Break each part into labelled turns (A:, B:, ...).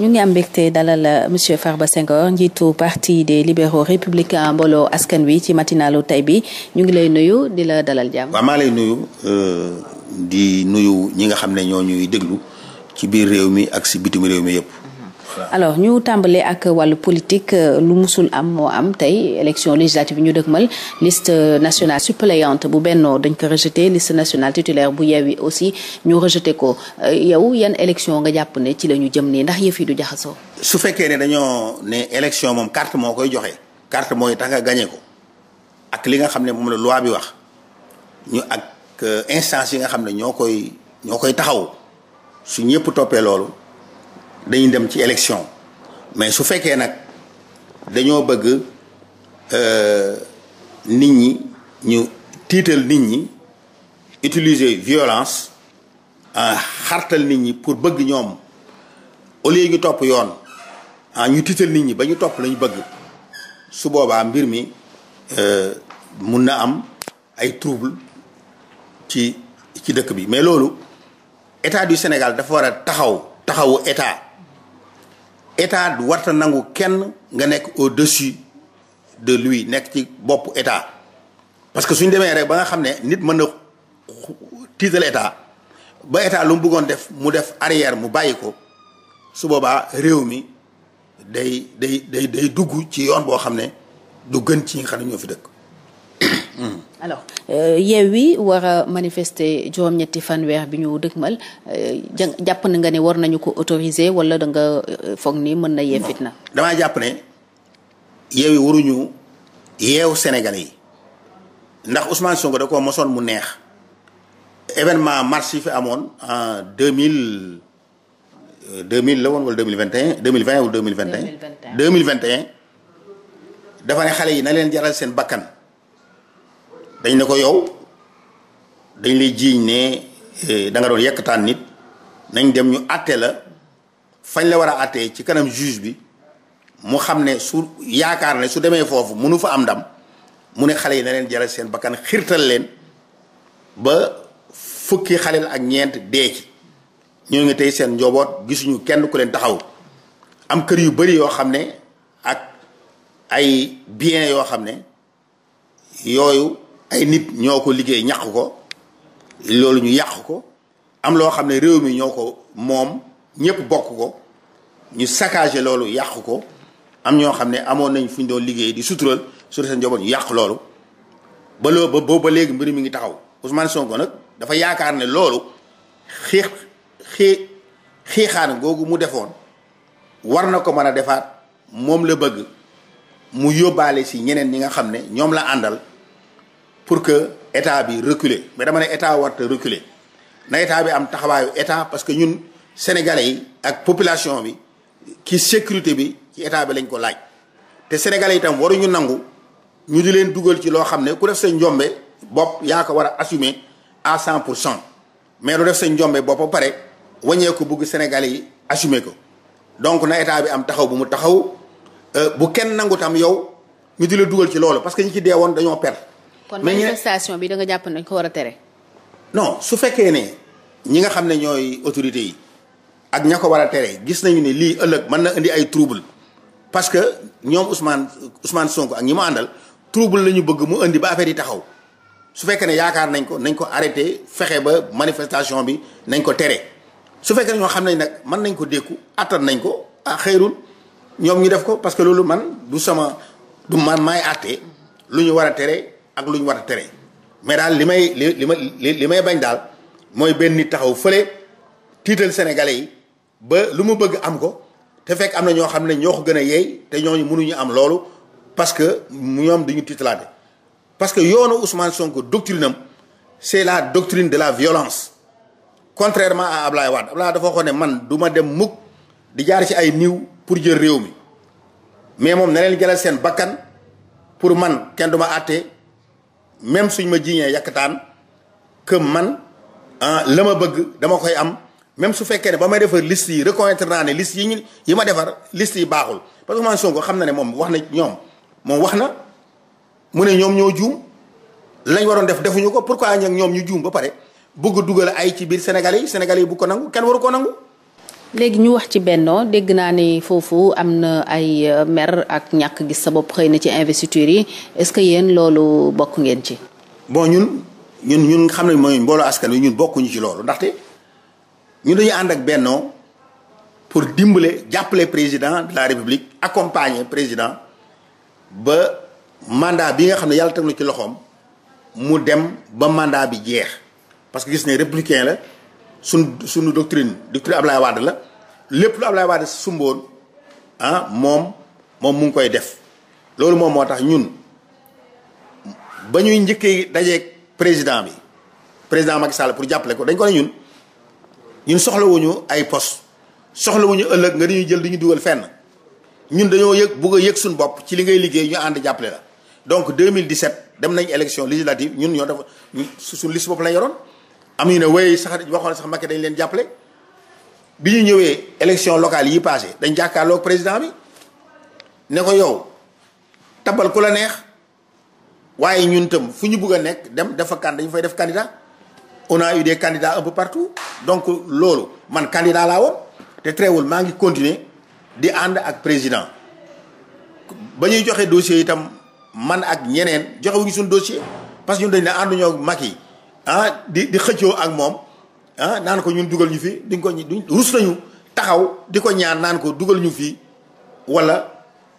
A: ñu ngi am te dalal euh, monsieur Farba Senghor njiitu parti de libéraux républicains mbooloo askan wi ci matinalu tey bi ñu ngi lay nuyu di la dalal jàmm. waaw maa
B: lay nuyu euh, di nuyu ñi nga xam ne ñoo ñuy déglu ci biir réew mi ak si bitim réew mi yëpp.
A: alors ñu tàmbalee ak wàllu politique euh, lu musul am moo am tey élection législative ñu dëgmal liste national suppléante bu benn dañ ko rejeté liste national titulaire bu Yewwi aussi ñu rejeté ko euh, yow yan élection nga jàpp ne ci la ñu jëm nii ndax yëfii du jaxasoo.
B: su fekkee ne dañoo ne élection moom carte moo koy joxe carte mooy tax nga gagné ko ak li nga xam ne moom la loi bi wax ñu ak euh, instance yi nga xam ne ñoo koy ñoo koy taxaw su ñëpp toppee loolu. dañu dem ci élection mais su fekkee nag dañoo bëgg euh, nit ñi ñu tiital nit ñi utiliser violence euh, xartal nit ñi pour bëgg ñoom au lieu ñu topp yoon ah ñu tiital nit ñi ba ñu topp lañu bëgg su boobaa mbir mi euh, mun na am ay trouble ci ci dëkk bi mais loolu état du Sénégal dafa war a taxaw taxawu état état warta nangu kenn nga nekk au-dessus de lui nekk ci bopp état parce que suñ demee rek ba nga xam ne nit mën na tiital état ba état lu mu bëggoon def mu def arrière mu bàyyi ko su boobaa réew mi day day day day dugg ci yoon boo xam ne du gën ci ñi nga xam ne ñoo fi dëkk
A: alors euh, Yewwi wi a manifester juróom-ñetti fanweer bi ñu dëgmal euh, jàpp na nga ne war nañu ko autoriser wala da euh, foog ni mën na yee na
B: damaa jàpp ne Yewwi waruñu yeew Sénégalais yi ndax Ousmane Sonko da koo mosoon mu neex événement mars yi fi amoon en deux mille deux mille la woon wala deux mille vingt et un deux mille vingt ou deux mille vingt et un. deux mille vingt et un dafa ne xale yi na leen jaral seen bakkan. dañ ne ko yow dañ lay jiiñ ne eh, danga nga doon yekkataan nit nañ dem ñu àtte la fañ la war a àttee ci kanam juge bi mu xam ne su yaakaar ne su demee foofu mënu fa am ndam mu ne xale yi na leen jaral seen bakkan xirtal leen ba fukki xaleel ak ñeent dee ci ñoo ngi tey seen njaboot gisuñu kenn ku leen taxaw am kër yu bari yoo xam ne ak ay bien yoo xam ne yooyu ay nit ñoo ko liggéey ñàq ko loolu ñu yàq ko am loo xam ne réew mi ñoo ko moom ñëpp bokk ko ñu saccagé loolu yàq ko am ñoo xam ne amoon nañ fu ñu doon liggéey di sutural sur seen njaboot ñu yàq loolu ba loo ba boobu ba léegi mbir mi ngi taxaw Ousmane Sonko nag dafa yaakaar ne loolu xiix xeex xeexaan googu mu defoon war na ko mën a defaat moom la bëgg mu yóbbaale si ñeneen ñi nga xam ne ñoom la àndal. pour que état bi reculer mais dama ne état warta reculer na état bi am taxawaayu état parce que ñun sénégalais yi ak population bi ki sécurité bi ci état bi lañ ko laaj te sénégalais itam waruñu nangu ñu di leen dugal ci loo xam ne ku def sa njombe bopp yaa ko war a assumer à cent pour cent mais lu def sa njombe bopp ba pare waññeeku bugg sénégalais yi assumer ko donc na bi am taxaw bu mu taxaw euh, bu kenn nangu tam yow ñu di la dugal ci loolu parce que ñu ci dee woon dañoo per
A: kon manifestation bi danga jàpp nañ ko war a tere.
B: non su fekkee ne ñi nga xam ne ñooy autorité yi ak ña ko war a tere gis nañu ni lii ëllëg mën na indi ay trouble parce que ñoom Ousmane Ousmane Sonko ak ñi mu àndal trouble la ñu bëgg mu indi ba affaire taxaw su fekkee ne yaakaar nañ ko nañ ko arrêté fexe ba manifestation bi nañ ko tere su fekkee ne ñoo xam nañ nag mën nañ ko dékku attan nañ ko ah xëyrul ñoom ñu def ko parce que loolu man du sama du man maay àtte lu ñu war a tere. ak lu ñu war a tere mais daal li may li li may li may bañ daal mooy benn nit taxaw fële tiital sénégalais yi ba lu mu bëgg am ko te fekk am na ñoo xam ne ñoo ko gën a yeey te ñooñu mënuñu am loolu parce que ñoom dañu tiitalaate parce que yoonu Ousmane Sonko doctrine am c'est la doctrine de la violence contrairement à Ablaye ne man du ma dem mukk di jaar ci ay niiw pour jël réew mi mais moom na leen jëlal seen bakkan pour man kenn du ma àtte même suñ ma jiiñee yàkkataan que man ah la ma bëgg dama koy am même su fekkee ne ba may defar liste yi reconnaître naa ne liste yi ñu yi ma defar list yi baaxul parce que man Sonko xam na ne moom wax na ñoom moom wax na mu ne ñoom ñoo juum lañ waroon def defuñu ko pour pourquoi ñoom ñu juum ba pare bugg dugal ay ci biir Sénégalais yi Sénégalais yi bu ko nangu kenn waru ko nangu.
A: léegi ñu wax ci Benno dégg naa ni foofu am na ay euh, mer ak ñàkk gis sa bopp xëy na ci investiture yi est-ce que yéen loolu bokk ngeen ci.
B: bon ñun ñun ñun xam ne mooy mbooloo askan wi ñun bokkuñu ci loolu ndaxte ñun dañuy ànd ak bennoo pour dimbale jàppale président de la République accompagner président ba mandat bi nga xam ne yàlla teg na ci loxoom mu dem ba mandat bi jeex parce que gis ne républicain la. suñ suñu doctrine doctrine lay Wade la lépp lu Ablaye Wade sumboon ah moom moom mu ngi koy def loolu moom moo tax ñun ba ñuy njëkkee dajeek président bi président Macky Sall pour jàppale ko dañ ko ne ñun ñun soxlawuñu ay poste soxlawuñu ëllëg nga dañuy jël di ñu dugal fenn ñun dañoo yëg bugg a yëg suñu bopp ci li ngay liggéey ñu ànd jàppale la donc 2017 dem nañ élection législative ñun ñoo def suñu liste bopp lañ yoroon. am ñu ne wey sax waxoon sax Macky dañ leen jàppale bi ñu ñëwee élection locale yi passé dañ jàkkaarloo ak président bi ne ko yow tabal ku la neex waaye ñun tam fu ñu bugg a nekk dem dafa kan dañu fay def candidat on a eu de candidats un peu partout donc loolu man candidat laa woon te teewul maa ngi continuer di ànd ak président ba ñuy joxe dossier itam man ak ñeneen joxe wuñu suñu dossier parce que ñun dañ ne ànduñoo ak Macky ah di di xëccoo ak moom ah naan ko ñun dugal ñu fi diñ ko duñ rus nañu taxaw di ko ñaan naan ko dugal ñu fii wala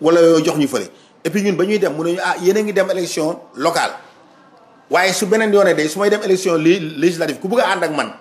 B: wala jox ñu fële et ñun ba ñuy dem mun ne ah yéen a ngi dem élection locale waaye su beneen yoonee day su may dem élection législative ku bëgg ànd ak man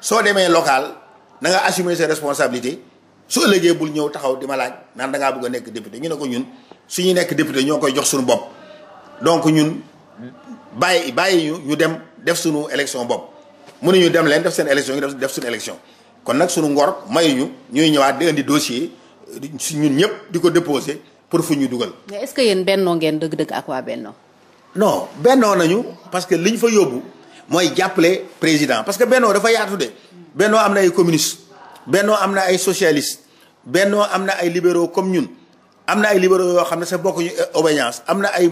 B: soo demee locale na nga assumer ses responsabilités su ëllëgee bul ñëw taxaw di ma laaj naan da ngaa bëgg a nekk député ñu ne ko ñun su ñu nekk député ñoo koy jox suñu bopp donc ñun bàyyi bàyyi ñu ñu dem. def sunu élection bopp ñu dem leen def seen élection ñu def sunu élection kon nag sunu ngor mayuñu ñuy ñëwaat di indi dossier si ñun ñëpp di ko déposer pour fu ñu dugal.
A: mais est-ce que yéen bennoo ngeen dëgg-dëgg ak waa bennoo.
B: non bennoo nañu parce que li ñu fa yóbbu mooy jàppale président parce que bennoo dafa yaatu de bennoo am na ay communiste bennoo am na ay socialiste bennoo am na ay libéro comme ñun am na ay libéraux yoo xam ne sa ñu obédience am na ay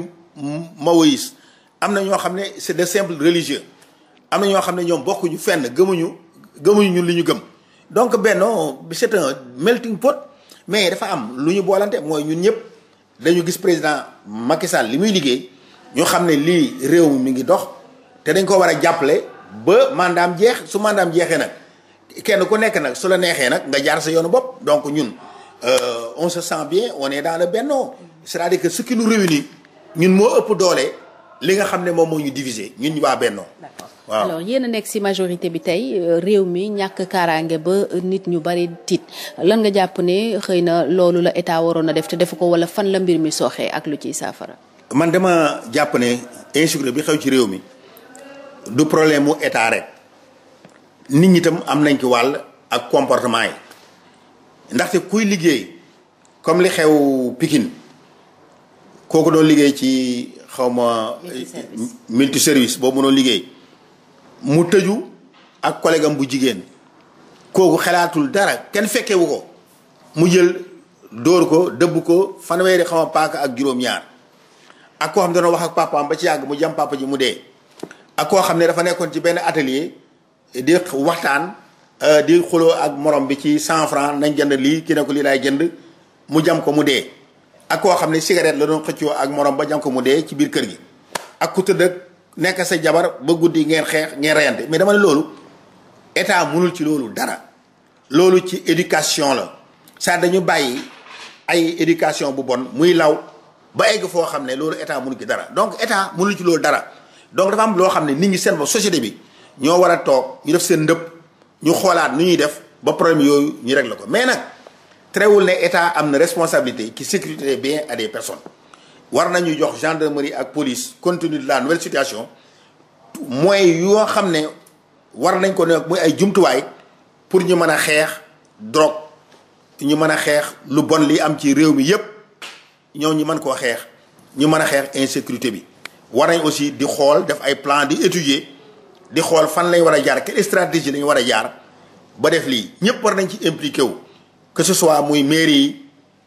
B: maoïste am na ñoo xam ne c'est des simples religieux am na ñoo xam ne ñoom bokkuñu fenn gëmuñu gëmuñu ñun li ñu gëm donc Benno c'est un melting pot mais dafa am lu ñu boolante mooy ñun ñëpp dañu gis président Macky Sall li muy liggéey ñu xam ne lii réew mi ngi dox te dañ ko war a jàppale ba mandaam jeex su mandaam jeexee nag kenn ku nekk nag su la neexee nag nga jaar sa yoonu bopp donc ñun euh, on se sent bien on est dans le Benno c'est-à-dire que ce qui nous réunit ñun moo ëpp doole. li nga xam ne moom moo ñu diviser ñu waa Bennoo. d'accord
A: waaw a nekk ci majorité bi tey euh, réew mi ñàkk kaaraange ba nit ñu bari tiit lan nga jàpp ne xëy na loolu la état waroon a def te defu ko wala fan la mbir mi sooxee ak lu ciy saafara.
B: man dama jàpp ne insécurité bi xew ci réew mi du problème mu état rek nit ñi tam am nañ ci wàll ak comportement yi ndaxte kuy liggéey comme li xew Pikine kooku doon liggéey ci. xaw ma. multi service boo mënoon liggéey. mu tëju ak collègue bu jigéen kooku xalaatul dara kenn fekkewu ko mu jël dóor ko dëbb ko fanweeri xawa ma paaka ak juróom-ñaar ak koo xam ne wax ak papaam ba ci yàgg mu jam papa mu dee. ak koo xam ne dafa nekkoon ci benn atelier di waxtaan euh, di xuloo ak moroom bi ci cent franc nañ jënd lii ki ne ko lii laay jënd mu jam ko mu dee. ak koo xam ne cigarette la doon xëccoo ak morom ba jam ko mu dee ci biir kër gi ak ku tëdd nekk sa jabar ba guddi ngeen xeex ngeen reyante mais dama ne loolu état mënul ci loolu dara loolu ci éducation la saa dañu bàyyi ay éducation bu bon muy law ba egg foo xam ne loolu état mënul ci dara donc état mënul ci loolu dara donc dafa am loo xam ne nit ñi seen bopp société bi ñoo war a toog ñu def seen ndëpp ñu xoolaat nu ñuy def ba problème yooyu ñu réglé ko mais nag. terewul ne état am na responsabilité qui sécurité des biens à des war nañu jox gendarmerie ak police compte de la nouvelle situation mooy yoo xam ne war nañ ko ne muy ay jumtuwaay pour ñu mën a xeex drogue ñu mën a xeex lu bon li am ci réew mi yépp ñoo ñu mën koo xeex ñu mën a xeex insécurité bi war nañ aussi di xool def ay plan di étudier di xool fan lañ war a jaar quelle stratégie lañ war a jaar ba def lii ñëpp war nañ ci impliqué wu que ce soit muy mairie yi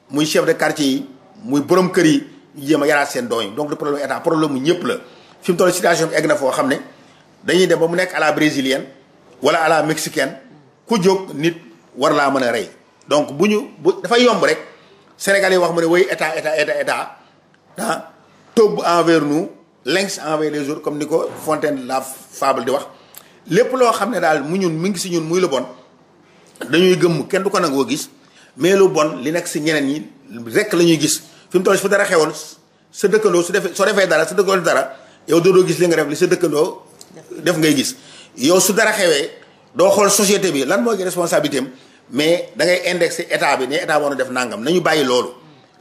B: muy chef de quartier yi muy borom kër yi ñu jéem a yaraat seen doom yi donc le problème état problème mu ñëpp la fi mu toll situation bi egg na foo xam ne dañuy dem ba mu nekk à la brésilienne wala à la mexicaine ku jóg nit war laa mën a rey donc bu ñu bu dafay yomb rek Sénégal yi wax mu ne woy état état état état ah tobb envers nous lynx envers les autres comme ni ko Fontaine la fable di wax lépp loo xam ne daal mu ñun mi ngi si ñun muy la bon dañuy gëmm kenn du ko nangoo gis mais lu bon li nekk si ñeneen ñi rekk la ñuy gis fi mu toll fu dara xewoon sa dëkkandoo su defee soo defee dara sa dëkkandoo dara yow doodoo gis li nga def li sa dëkkandoo def ngay gis yow su dara xewee doo xool société bi lan moo responsabilité am mais da ngay indexé état bi ne état war na def nangam nañu bàyyi loolu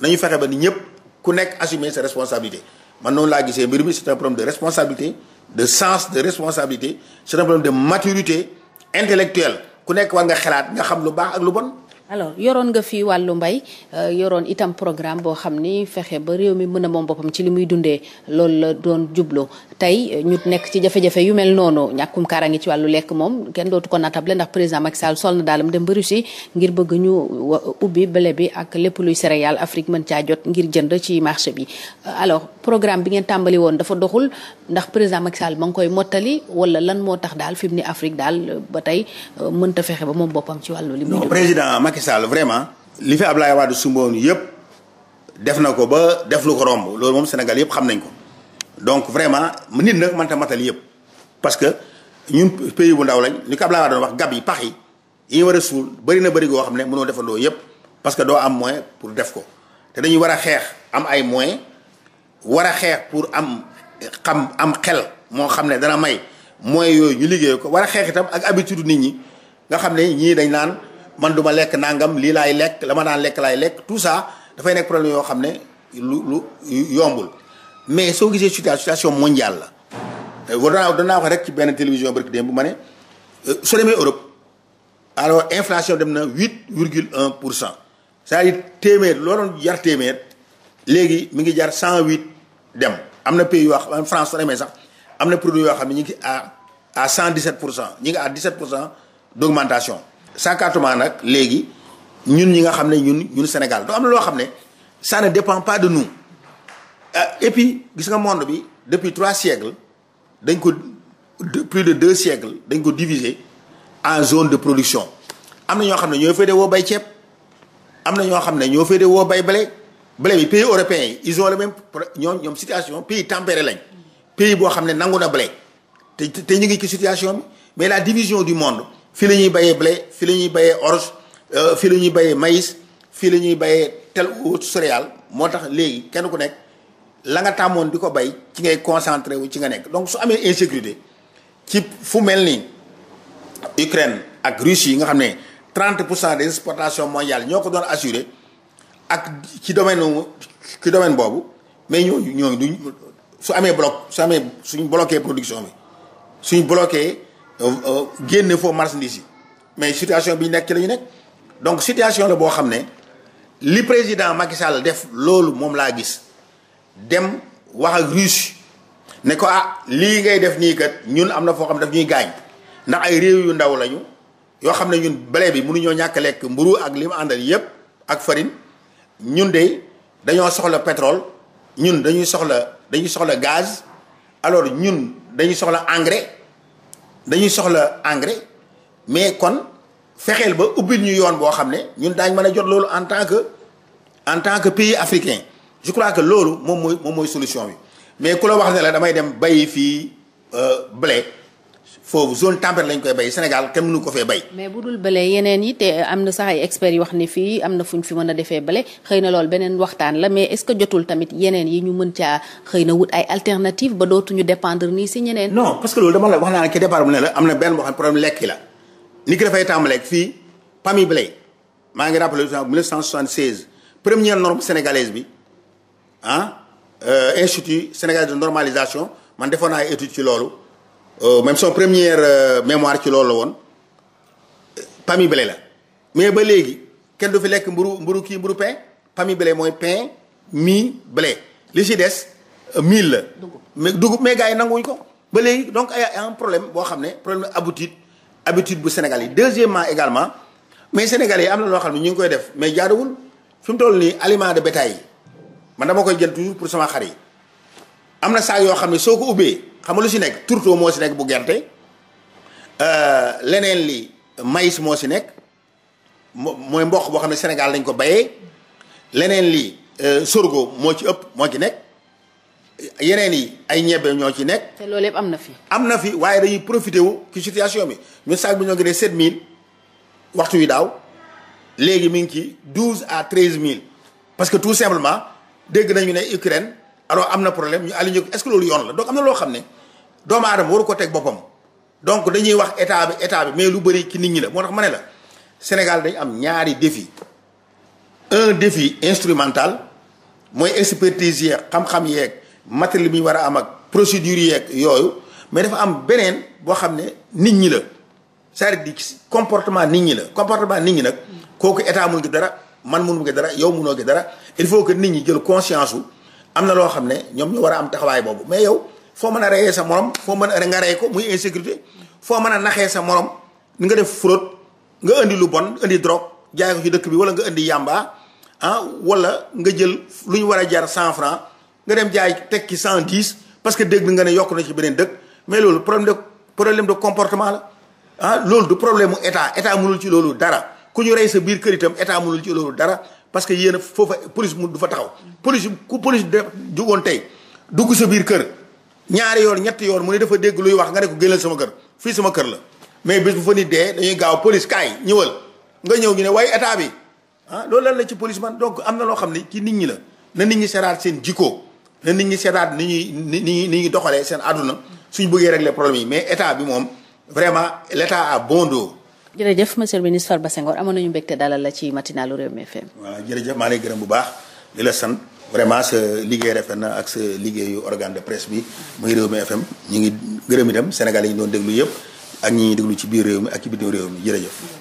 B: nañu fexe ba ni ñëpp ku nekk assumer sa responsabilité man noonu laa gisee mbir mi c'est un problème de responsabilité de sens de responsabilité c'est de maturité intellectuelle ku nekk war nga xalaat nga xam lu baax ak lu bon
A: alors yoroon nga fi wàllu mbay euh, yoroon itam programme boo xam ni fexe ba réew mi mën a moom boppam ci li muy dundee loolu la doon jublo tey euh, ñu nekk ci jafe-jafe yu mel noonu ñàkkum kaaraange ci wàllu lekk moom kenn dootu ko natable ndax président Macky Sall sol na daalam dem ba Russie ngir bëgg ñu euh, ubbi blé bi ak lépp luy céréales Afrique mën caa jot ngir jënd ci marché bi. alors programme bi ngeen tàmbali woon dafa doxul ndax président Macky Sall ngi koy mottali wala lan moo tax daal fi ni Afrique daal ba tey mënta fexe ba moom boppam ci wàllu li
B: muy Macky Sall vraiment li fi Ablaye Wade sumboon yëpp def na ko ba def lu ko romb loolu moom Sénégal yëpp xam nañ ko donc vraiment nit nag mënta matal yëpp parce que ñun pays bu ndaw lañ li ko Ablaye Wade doon wax gab yi pax yi yi war a suul bëri na bëri goo xam ne mënoo defaloo yëpp parce que doo am moyen pour def ko te dañuy war a xeex am ay moyens war a xeex pour am xam am xel moo xam ne dana may moyens yooyu ñu liggéey ko war a xeex itam ak habitude nit ñi nga xam ne ñii dañ man du ma lekk nangam lii laay lekk la ma daan lekk laay lekk tout ça dafay nekk problème yoo xam ne lu lu yombul mais soo gisee situation mondiale la. Euh, war naa danaa wax rek ci benn télévision barki démb bu ma ne euh, soo demee Europe alors inflation dem na huit virgule un pour cent c'est-à-dire téeméer loo jar téeméer léegi mi ngi jar cent huit dem am na pays yoo xam France soo demee sax am na produit yoo xam ne ñu ngi à à cent dix sept pour cent ñi ngi à dix sept pour cent d'augmentation. sàkkaatuma nag léegi ñun ñi nga xam ne ñun Sénégal doo am na loo xam ne ça ne dépend pas de nou euh, et puis gis nga monde bi depuis trois siècles dañ ko plus de deux siècles dañ ko diviser en zone de production am na ñoo xam ne ñoo féete woo bay ceeb am na ñoo xam ne ñoo féete woo bay blé blé bi pays européens yi ils ont le même ñoom ñoom situation pays tempéré lañ pays boo xam ne nangu na blé te te ñu ngi ci situation bi mais la division du monde fii la ñuy béyee blé fii la ñuy béyee orge euh, fii la ñuy béyee maïs fii la ñuy béyee tel ou céréale moo tax léegi kenn ku nekk la nga tàmmoon di ko bay ci ngay concentré wu ci nga nekk donc su amee insécurité ci fu mel ni Ukraine ak Russie yi nga xam ne 30 pour cent des exportations mondiales ñoo ko doon assuré ak ci domaine ci domaine boobu mais ñooñu ñoo duñ su amee bloc su amee suñ bloqué production bi suñ bloqué. Euh, euh, génne foofu marchandise yi mais situation bi nekk ci la nekk donc situation la boo xam ne li président Macky Sall def loolu moom laa gis dem wax ak Russie ne ko ah lii ngay def nii kat ñun am na foo xam ne daf ñuy gaañ ndax ay réew yu ndaw lañu yoo xam ne ñun blé bi mënuñoo ñàkk lekk mburu ak lim mu àndal yépp ak farine ñun de dañoo soxla pétrole ñun dañuy soxla dañuy soxla gaz alors ñun dañuy soxla engrais. dañuy soxla engrais mais kon fexeel ba ubbil ñu yoon boo xam ne ñun daañ mën a jot loolu en tant que en tant que pays africain je crois que loolu moom mooy moom mooy solution bi mais ku la wax ne la damay dem bayi fii euh, blé foofu zone tempérée lañ koy bay Sénégal kenn mënu ko fee bay.
A: mais bu dul bële yeneen yi te am na sax ay experts yu wax ni fii am na fu fi mën a defee bële xëy na loolu beneen waxtaan la mais est-ce que jotul tamit yeneen yi ñu mën caa xëy na wut ay alternative ba dootuñu dépendre nii si ñeneen. non
B: parce que loolu dama la wax naa ne ci départ bu ne la am na benn boo xam problème lekk la ni ki dafay tàmbaleeg fii Pami Blay maa ngi rappelé 1976 première norme sénégalaise bi ah euh, institut sénégalais de normalisation man defoon naa étude ci loolu. Euh, même son première euh, mémoire ci loolu la woon pami blé la mais ba léegi kenn du fi lekk mburu mburu kii mburu pain pami blé mooy pain mi blé li si des euh, mil la mais dugub mais gars yi nanguwuñ ko ba léegi donc ay un problème boo xam ne problème habitude habitude bu Sénégal yi deuxièmement également mais sénégal yi am na loo xam ne ñu ngi koy def mais jaarawul fi mu toll nii aliment de bétail yi man dama koy jël toujours pour sama xar yi am na saa yoo xam ne soo ko ubbee xam nga lu si nekk tourteau moo si nekk bu gerte euh, leneen li maïs moo si nekk mooy mboq boo xam ne Sénégal dañ ko bayee leneen li euh, sorgho moo ci ëpp moo ci nekk yeneen yi ay ñebe ñoo ci nekk.
A: te loolu yëpp am na fi.
B: am na fi waaye dañuy profité wu ci situation bi ñun saag bi ñoo set 7000 waxtu wi daaw léegi mi ngi ci 12 à mille parce que tout simplement dégg nañu ne Ukraine alors am na problème ñu àll est-ce que loolu yoon la donc am na loo xam ne. doomu aadama waru ko teg boppam donc dañuy wax état bi état bi mais lu bëri ci nit ñi la moo tax ma ne la Sénégal dañ am ñaari défi un défi instrumental mooy expertise yeeg xam-xam yeeg matériel bi ñu war a am ak procédure yeeg yooyu mais dafa am beneen boo xam ne nit ñi la c'est-à-dire di comportement nit ñi la comportement nit ñi nag kooku état mënu ko dara man mënu ko dara yow mënoo ko dara il faut que nit ñi jël conscience u am na loo xam ne ñoom ñu war a am taxawaay boobu mais yow foo mën a reyee sa morom foo mën a nga rey ko muy insécurité foo mën a naxee sa morom ni nga def fraude nga indi lu bon indi drogue jaay ko ci dëkk bi wala nga indi yàmba ah wala nga jël lu ñu war a jar cent franc nga dem jaay teg ci cent dix parce que dégg nga ne yokk na ci beneen dëkk mais loolu problème de problème de comportement la ah loolu du problème mu état état mënul ci loolu dara ku ñu rey sa biir kër itam état mënul ci loolu dara parce que yéen foofa police mu du fa taxaw police ku police tey dugg sa biir kër ñaari yoon ñetti yoon mu ne dafa dégg luy wax nga ne ko génneel sama kër fii sama kër la mais bés bu fa nit dee dañuy gaaw police kaay ñëwal nga ñëw ñu ne waaye état bi ah loolu lan la ci police man donc am na loo xam ne ci nit ñi la na nit ñi seetaat seen jikko na nit ñi seetaat ni ñuy ni ñuy ni ñuy doxalee seen àdduna suñ bëggee régler problème yi mais état bi moom vraiment l'état a bon dos.
A: jërëjëf monsieur le ministre Farba Senghor amoon nañu mbégte dalal la ci matinalu Rewmi FM.
B: waaw jërëjëf maa gërëm bu baax la sant. vraiment sa liggéey rafet na ak sa liggéeyu organe de presse bi muy réew mi FM ñu ngi gërëm itam Sénégal yi ñu doon déglu yëpp ak ñi ñuy déglu ci biir réew mi ak ci bitim réew mi jërëjëf